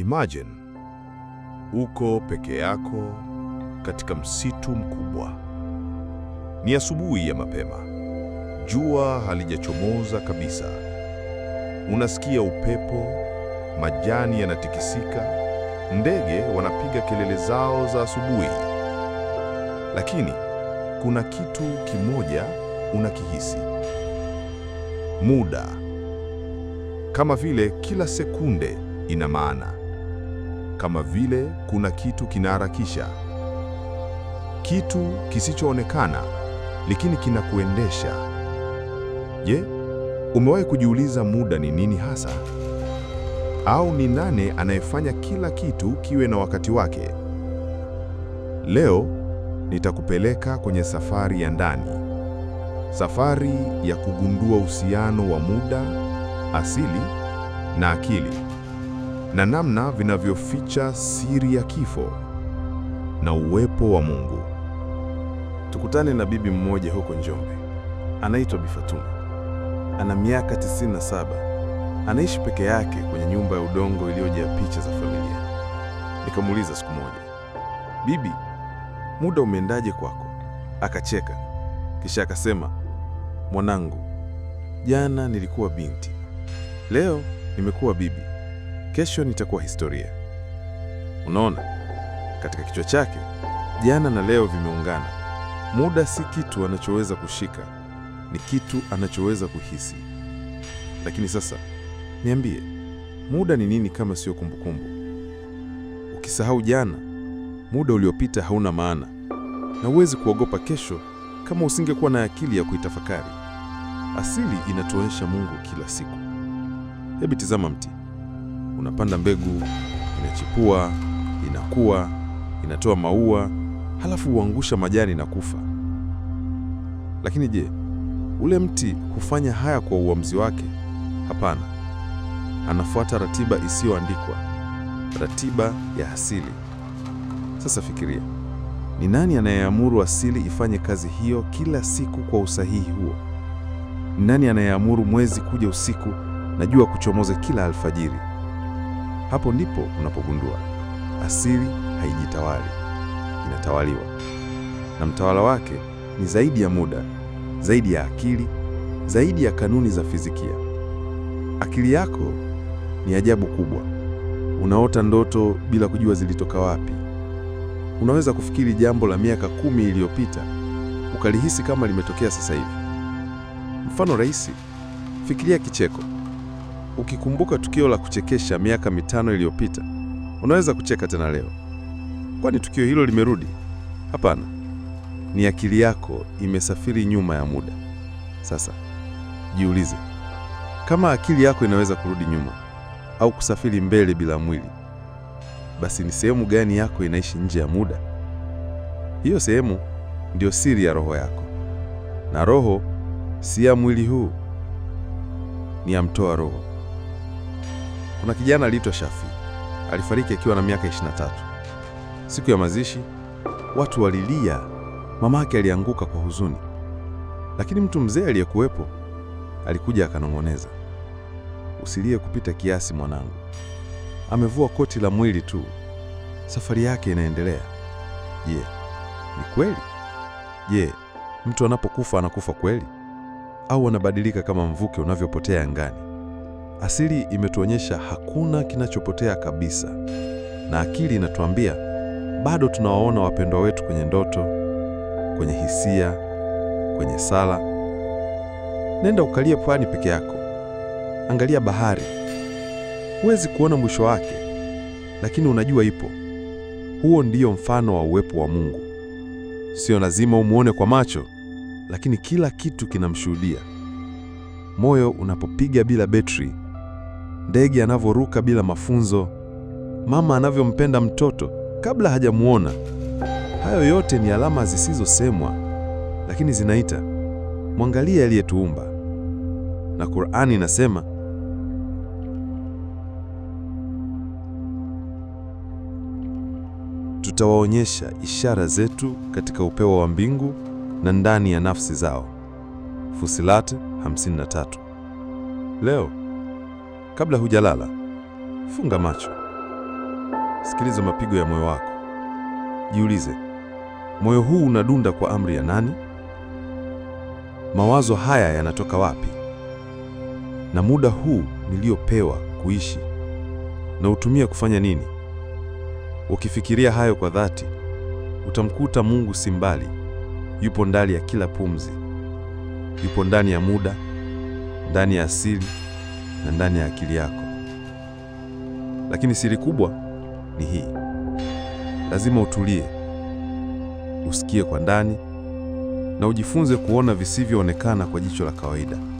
Imagine uko peke yako katika msitu mkubwa. Ni asubuhi ya mapema, jua halijachomoza kabisa. Unasikia upepo, majani yanatikisika, ndege wanapiga kelele zao za asubuhi. Lakini kuna kitu kimoja unakihisi, muda, kama vile kila sekunde ina maana kama vile kuna kitu kinaharakisha, kitu kisichoonekana lakini kinakuendesha. Je, umewahi kujiuliza muda ni nini hasa? Au ni nani anayefanya kila kitu kiwe na wakati wake? Leo nitakupeleka kwenye safari ya ndani, safari ya kugundua uhusiano wa muda, asili na akili na namna vinavyoficha siri ya kifo na uwepo wa Mungu. Tukutane na bibi mmoja huko Njombe, anaitwa Bi Fatuma, ana miaka 97, anaishi peke yake kwenye nyumba ya udongo iliyojaa picha za familia. Nikamuuliza siku moja, bibi, muda umeendaje kwako? Akacheka kisha akasema, mwanangu, jana nilikuwa binti, leo nimekuwa bibi kesho nitakuwa historia. Unaona, katika kichwa chake jana na leo vimeungana. Muda si kitu anachoweza kushika, ni kitu anachoweza kuhisi. Lakini sasa niambie, muda ni nini kama sio kumbukumbu? Ukisahau jana, muda uliopita hauna maana, na huwezi kuogopa kesho kama usingekuwa na akili ya kuitafakari. Asili inatuonyesha Mungu kila siku. Hebu tizama mti unapanda mbegu, inachipua, inakuwa, inatoa maua, halafu huangusha majani na kufa. Lakini je, ule mti hufanya haya kwa uamuzi wake? Hapana, anafuata ratiba isiyoandikwa, ratiba ya asili. Sasa fikiria, ni nani anayeamuru asili ifanye kazi hiyo kila siku kwa usahihi huo? Ni nani anayeamuru mwezi kuja usiku na jua kuchomoza kila alfajiri? Hapo ndipo unapogundua asili haijitawali, inatawaliwa na mtawala wake ni zaidi ya muda, zaidi ya akili, zaidi ya kanuni za fizikia. Akili yako ni ajabu kubwa. Unaota ndoto bila kujua zilitoka wapi. Unaweza kufikiri jambo la miaka kumi iliyopita ukalihisi kama limetokea sasa hivi. Mfano rahisi, fikiria kicheko ukikumbuka tukio la kuchekesha miaka mitano iliyopita, unaweza kucheka tena leo. Kwani tukio hilo limerudi? Hapana, ni akili yako imesafiri nyuma ya muda. Sasa jiulize, kama akili yako inaweza kurudi nyuma au kusafiri mbele bila mwili, basi ni sehemu gani yako inaishi nje ya muda? Hiyo sehemu ndiyo siri ya roho yako, na roho si ya mwili huu, ni ya mtoa roho. Kuna kijana aliitwa Shafi, alifariki akiwa na miaka 23. Siku ya mazishi watu walilia, mamake alianguka kwa huzuni, lakini mtu mzee aliyekuwepo alikuja akanong'oneza, usilie kupita kiasi mwanangu, amevua koti la mwili tu, safari yake inaendelea. Je, yeah. Ni kweli? Je, yeah. Mtu anapokufa anakufa kweli au anabadilika kama mvuke unavyopotea angani? Asili imetuonyesha hakuna kinachopotea kabisa, na akili inatuambia bado tunawaona wapendwa wetu kwenye ndoto, kwenye hisia, kwenye sala. Nenda ukalie pwani peke yako, angalia bahari. Huwezi kuona mwisho wake, lakini unajua ipo. Huo ndiyo mfano wa uwepo wa Mungu. Sio lazima umuone kwa macho, lakini kila kitu kinamshuhudia. Moyo unapopiga bila betri, ndege anavyoruka bila mafunzo, mama anavyompenda mtoto kabla hajamuona. Hayo yote ni alama zisizosemwa, lakini zinaita mwangalie aliyetuumba. Na Qur'ani inasema tutawaonyesha ishara zetu katika upeo wa mbingu na ndani ya nafsi zao. Fusilat 53. Leo Kabla hujalala, funga macho, sikiliza mapigo ya moyo wako. Jiulize, moyo huu unadunda kwa amri ya nani? Mawazo haya yanatoka wapi? Na muda huu niliyopewa kuishi utumia kufanya nini? Ukifikiria hayo kwa dhati, utamkuta Mungu si mbali. Yupo ndani ya kila pumzi, yupo ndani ya muda, ndani ya asili na ndani ya akili yako. Lakini siri kubwa ni hii: lazima utulie, usikie kwa ndani na ujifunze kuona visivyoonekana kwa jicho la kawaida.